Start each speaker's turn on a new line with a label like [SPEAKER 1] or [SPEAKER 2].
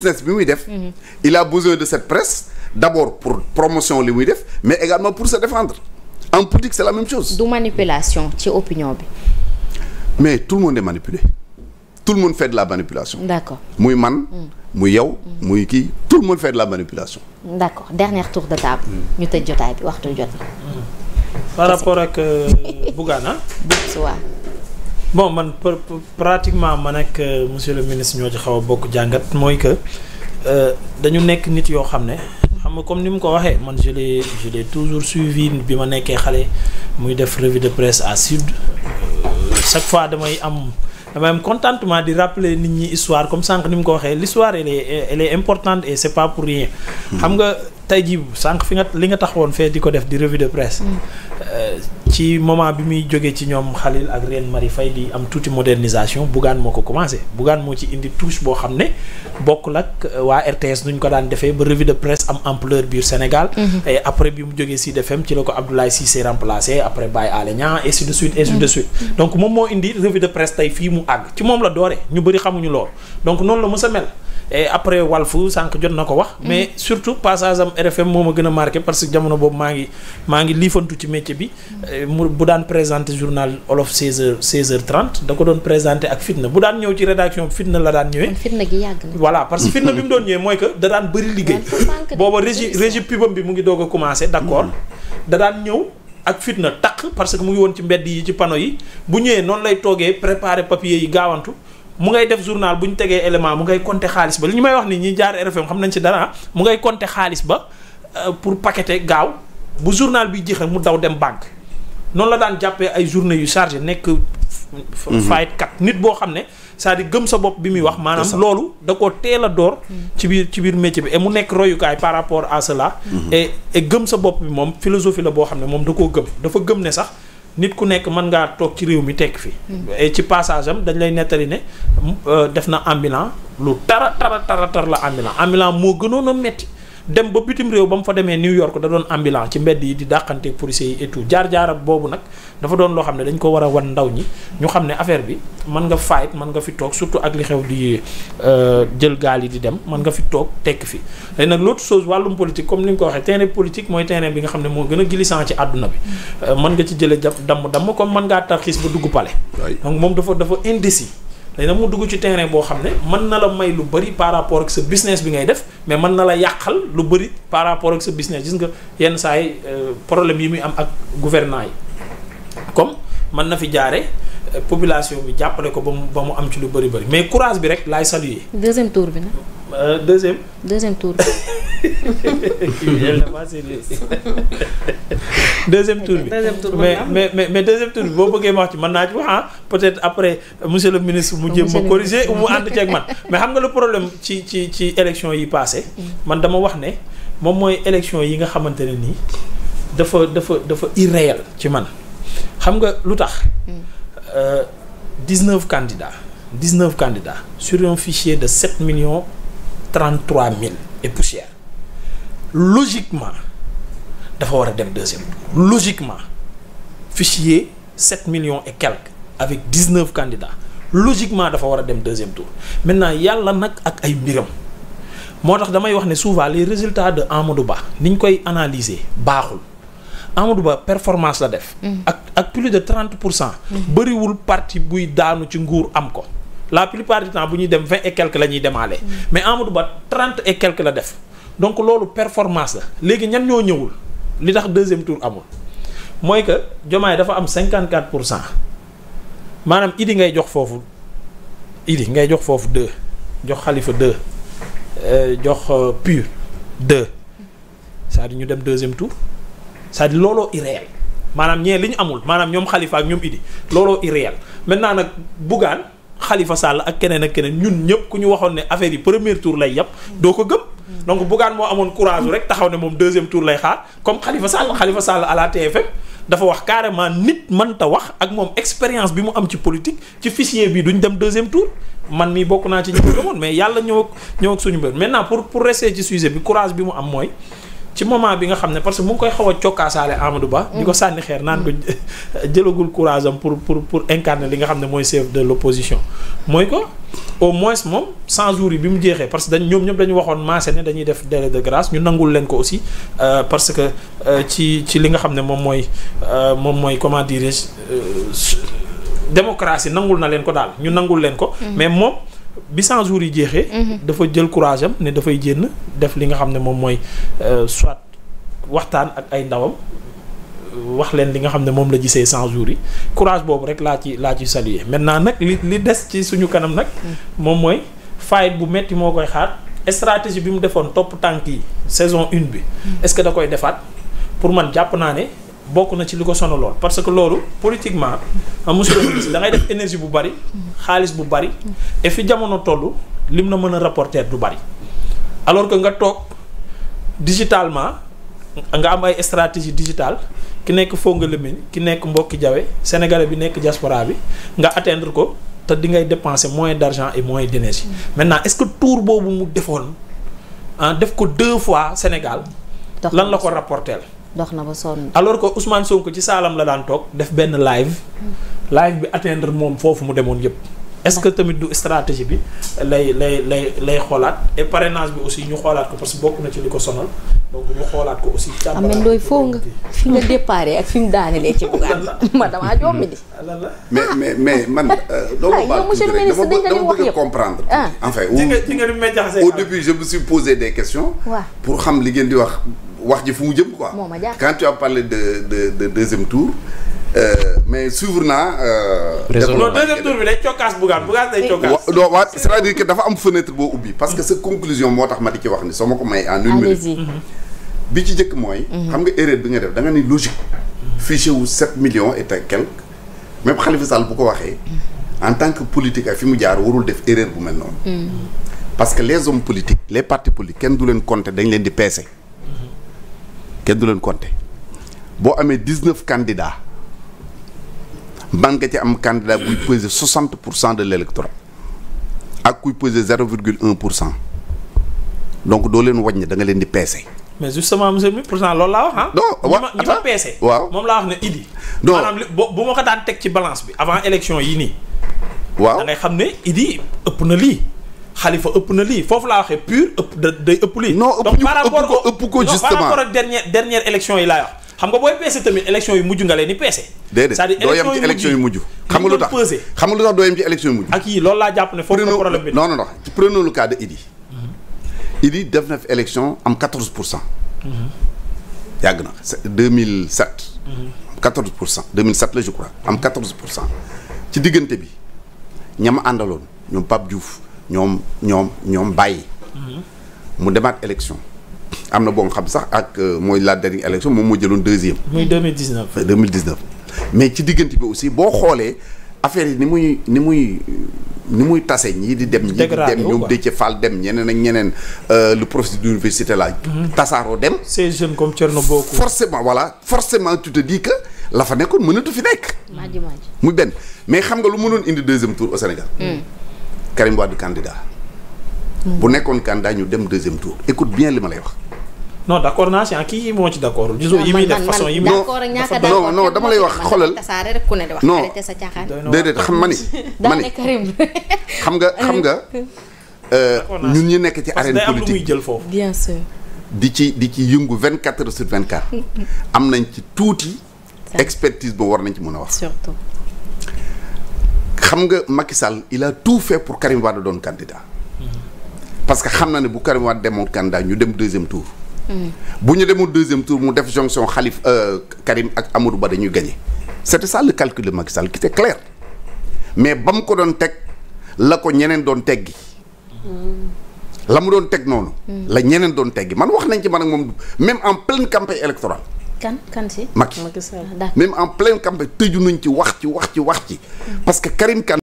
[SPEAKER 1] business bi muy def. Mhm. il a besoin de cette presse d'abord pour promotion li muy def mais également pour se défendre en politique c'est la même chose. du manipulation ci opinion bi. mais tout le monde est manipulé tout le monde fait de la manipulation. muy man. Mm. muy yow muy kii tout le monde fait la manipulation.
[SPEAKER 2] d'accord dernier tour de table. Mm. ñu tëj jotaay bi waxtu jot na. Mm. bon man pratiquement man ak euh, monsieur le ministre ñoo ci xaw a bokk jàngat mooy que euh, dañu nekk nit yoo xam ne xam nga comme ni mu ko waxee man je l'ai je toujours suivi bi ma nekkee xale muy def revue de presse à sud
[SPEAKER 1] euh,
[SPEAKER 2] chaque fois damay am damay am contentement di rappeler nit ñi histoire comme sànq ni mu ko waxee l'histoire elle est elle importante et c'est pas pour rien hmm. xam nga tey jii sànq fi nga li nga taxawoon fee di ko def di revue de presse hmm. ci moment bi muy jógee ci ñoom Khalil ak Reine Marie Faye di am tuuti modernisation Bougane moo ko commencé Bougane moo ci indi touche boo xam ne bokkul ak euh, waa RTS nuñ ko daan defee ba revue de presse am ampleur biir Sénégal. Mhm. et après bi mu jógee Sud FM ci la ko Abdoulaye Cissé remplacé après Baye Alé Niang et ainsi de suite ainsi de mhm. suite. donc moom moo indi revue de presse tey fii mu àgg ci moom la dooree ñu bëri xamuñu lool donc noonu la mës a mel. et après Walfu sànq jot na ko wax. Mhm. mais surtout passage RFM moom ma gën a marqué parce que jamono boobu maa ngi maa ngi liifantu ci métier bi. mu bu daan présenter journal olof 16h 16h30 da ko doon présenter ak fitna bu daan ñëw ci rédaction fitna la daan ñëwee. fitna voilà parce que fitna bi mu doon ñëwee mooy que da daan bëri liggéey. booba régie régie pubam bi mu ngi doog a commencé d'accord mhm. da daan ñëw. ak fitna takk parce que mu ngi woon ci mbedd yi ci panneau yi bu ñëwee noonu toogee préparer papier yi gaawantu mu ngay def journal bu ñu tegee élément mu ngay conté xaalis ba li ñu may wax ni ñuy jaar RFM xam nañ ci dara ah, mu ngay compter xaalis ba euh, pour paqueter gaaw bu journal bi jeexee mu daw dem bàgg noonu la daan jàppe ay journée yu chargé nekk. fayit mhm. kat nit boo xam ne cest di gëm sa bopp bi muy wax. maanaam loolu da ko teel a door. Mhm. ci biir ci biir métier bi et mu nekk royukaay par rapport à cela. Mhm. et et gëm sa bopp bi moom philosophie la boo xam ne moom da koo gëm dafa gëm ne sax. nit ku nekk mën ngaa toog ci réew mi tekk fii hmm. ci passage am dañ lay nettali ne euh, def na ambulant lu tara tara tara tar la ambulant ambulant moo gënoon a metti dem ba bitim réew ba mu fa demee New York da doon ambulant ci mbedd yi di dàqante policiers yi et jaar-jaara boobu nag dafa doon loo xam ne dañ ko war a wan ndaw ñi ñu xam ne affaire bi mën nga fight mën nga fi toog surtout ak li xew di euh, jël gaal yi di dem mën nga fi toog tekk fi léegi nag l'autre chose wàllum politique comme ni nga ko waxee terrain politique mooy terrain bi nga xam ne moo gën a glissant ci àdduna bi euh, mën nga ci jële jàpp damm damm comme mën ngaa tarxiis ba dugg palais donc moom dafa dafa indécis léegi nag mu dugg ci terrain boo xam ne mën na la may lu bëri par rapport ak sa business bi ngay def mais mën na la yàqal lu bari par rapport ak sa business gis nga yenn saa yi euh, problème yi muy am ak gouvernant yi comme mën na fi jaare euh, population bi jàppale ko ba mu ba mu am ci lu bëri bëri mais courage bi rek laay saluer. deuxième tour bi nag. Euh, deuxième. deuxième tour bi. elle n'est pas sérieuse deuxième tour bi mais mais mais deuxième tour bi boo bëggee ma wax ci mën naa ci wax ah peut-être après monsieur le ministre mu jéem ma corriger mu ànd ceeg man mais xam nga le problème ci ci ci élection yi passé man dama wax ne moom mooy élection yi nga xamante ne nii dafa dafa dafa irréel ci man xam nga lu tax hmm. euh, dix-neuf candidats dix-neuf candidats sur fichier de sept million trente-trois mille et poussière logiquement dafa war a dem deuxième tour logiquement fichier sept millions et quelques avec dix neuf candidats logiquement dafa war a dem deuxième tour maintenant yàlla nag ak ay mbiram moo tax damay wax ne souvent les résultats de Amadou Ba ni ñu koy analyser baaxul Amadou Ba performance la def. Mm. ak ak plus de trente pour cent. Mm. bariwul parti buy daanu ci nguur am ko la plupart du temps bu ñuy dem vingt et quelques la ñuy demaale. Mm. mais Amadou Ba trente e quelques def. donc loolu performance la léegi ñan ñoo ñëwul li tax deuxième tour amul mooy que Diomaye dafa am 54 pour cent maanaam Idi ngay jox foofu Idi ngay jox foofu deux jox Khalifa deux euh, jox euh, Pur deux cest à ñu dem deuxième tour cest à looloo irréel maanaam ñee li ñu amul maanaam ñoom Khalifa ak ñoom Idi looloo irréel maintenant nag Bougane Khalifa Sall ak keneen ak keneen ñun ñëpp ku ñu waxoon ne affaire yi premier tour lay yàpp doo ko gëm. donc Bougane moo amoon courage rek taxaw ne moom deuxième tour lay xaar comme Khalifa Sall Khalifa Sall à la TFM dafa wax carrément nit mënta wax ak moom expérience bi mu am ci politique ci fichier bi duñ dem deuxième tour man mi bokk naa ci ñi ko mais yàlla ñëw ak ñëw ak suñu mbir maintenant pour pour rester ci sujet bi courage bi mu am mooy. ci moment bi nga xam ne parce que mu ngi koy xaw a cokkaasaale Amadou Ba. di ko mm. sànni xeer naan ko mm. jëlagul courage pour pour pour incarner li nga xam ne mooy chef de l' opposition. mooy ko au moins moom 100 jours bi mu jeexee parce que dañ ñoom ñëpp dañu waxoon maase ne dañuy def délai de grâce ñu nangul leen ko aussi euh, parce que euh, ci ci li nga xam ne moom mooy euh, moom mooy comment dirais-je démocratie nangul na leen ko daal ñu nangul leen ko. Mm. mais moom. bi 100 jours yi jeexee. Mhm. dafa jël courage am ne dafay jénn def li nga xam ne moom mooy euh, soit waxtaan ak ay ndawam wax leen li nga xam ne moom la jisee 100 jours yi courage boobu rek laa ci laa ci saluer maintenant nag li li des ci suñu kanam nag. Mhm. moom mooy faayit bu metti moo koy xaar stratégie bi mu defoon topp tànk yi saison une bi. Mhm. est da koy defaat pour man jàpp naa ne. bokk na ci li ko lool parce que loolu politiquement ah, monsieur le ministre da ngay def énergie bu bari xaalis bu bari et fi jamono toll lim na mën a rapporter du bari alors que nga toog digitalement nga am ay stratégie digitale ki nekk Fongue Lemine ki nekk Mbokki Jawe sénégalais bi nekk diaspora bi nga atteindre ko te di ngay dépenser moins d'argent et moins d'énergie maintenant est-ce que tour boobu mu defoon ah def ko deux fois Sénégal lan la ko rapporter dox na ba sonn. alors que Ousmane Sonko ci saalam la daan toog def benn live. live bi atteindre moom foofu mu demoon yëpp. est-ce que tamit du stratégie bi lay lay lay lay xoolaat et parrainage bi aussi ñu xoolaat ko parce que bokk na ci li ko sonal donc ñu xoolaat ko aussi. am na looy foo nga fi nga déparé ak fi mu daanelee ci bugaan ma damaa jommi di. Ah.
[SPEAKER 1] mais mais man. Euh, doo ma ah, baal tuuti rek dama bëgg a comprendre. Ah. en fait au début je me suis xam li ngeen di wax. wax ji fu mu jëm quoi. quand tu as parlé de de de deuxième tour. Euh, mais suivre naa. Euh, deuxième tour bi day cokkaas bugaat bugaat day cokkaas. waaw waaw c'est-à-dire que dafa am fenêtre boo ubbi. parce que sa conclusion moo tax ma di ci wax ni soo ma ko may en une minute. Mhm. bi ci njëkk mooy. Mhm. xam nga erreur bi nga def da nga ni logique. fichier wu 7 millions et quelques même Khalifa Sall bu ko waxee. en tant que politique ak fi mu jaar warul def erreur bu mel noonu. Mhm. que les hommes politiques les partis du leen compter dañ leen di peese. kenn du leen compter boo amee dix-neuf candidats man nga ci am candidat kuy peser soixante pour cent de l'électorat ak kuy peser zéro virgule un pour cent donc doo leen wàññi da nga leen di peese.
[SPEAKER 2] mais justement monsieur mi pourtant lool laa wax ah. non waaw ñi ma peese. waaw moom laa wax ne Idi. non maanaam li bu ma ko daan teg ci balance bi avant élection yi nii. waaw da ngay xam ne Idi ëpp na lii. xalifa ëpp na lii foofu laa waxee pur ëpp da day ëpp lii. non ëpp ñu ko ëpp ko justement donc par yi laay wax. xam nga booy peese tamit élection yu mujj nga leen peese. déedéet doo yem yu mujj xam tax
[SPEAKER 1] xam tax doo yem ci élection yu mujj. ak yii loolu laa jàpp ne foofu la problème bi. non non non prenons le cas de Idi. Idi def na fi élection am 14 pour cent. Mhm. yàgg na c' est 2007. 14 pour ñoom ñoom ñoom bàyyi. Mhm. mu demaat élection. am na boo xam sax ak euh, mooy la dernière élection moom moo jëloon deuxième.
[SPEAKER 2] muy 2019.
[SPEAKER 1] mais ci diggante bi aussi boo xoolee affaire yi ni muy ni muy ni muy tase ñii di dem. ñii di dem ñoom Déthié Fall dem ñeneen a ñeneen lu euh, le professeur d'université la mhm. tasaaroo dem. ces jeunes comme Thierno Bocoum. forcément voilà forcément tu te dis que la fa nekkoon mënatu fi nekk. mu benn mais xam nga lu mënoon indi deuxième tour au Sénégal. Hmm. Karim Wade candidat. Hmm. bu nekkoon candidat ñu dem deuxième tour écoute bien li ma lay wax.
[SPEAKER 2] non d' accord naa si ah kii moo ci d'
[SPEAKER 1] accord. disons yi muy def façon yi muy. non non dama lay wax xoolal. non déedéet xam ma ni. ma ni xam nga xam nga. Euh, ñun ñu nekk ci arène politique jël foofu. bien sûr. di ci di ci yëngu vingt quatre heures sur vingt quatre. am nañ ci tuuti. expertise boobu war nañ ci mën a wax. surtout. xam nga Macky Sall il a tout fait pour Karim Wade doon candidat parce que xam na ne bu Karim Wade demoon candidat ñu dem deuxième tour bu ñu demoon deuxième tour mu def jonction Khalifa euh, Karim ak Amadou Ba dañuy gagné c'était ça le calcul de Macky Sall qui était clair mais ba mu ko doon teg la ko ñeneen doon teggi la mu doon teg noonu la ñeneen doon teggi man wax nañ ci man ak moom même en pleine campagne électorale
[SPEAKER 2] kan kan si Macky
[SPEAKER 1] même en pleine campagne tëju nañ ci wax ci wax ci wax ci mm. parce que Karim kan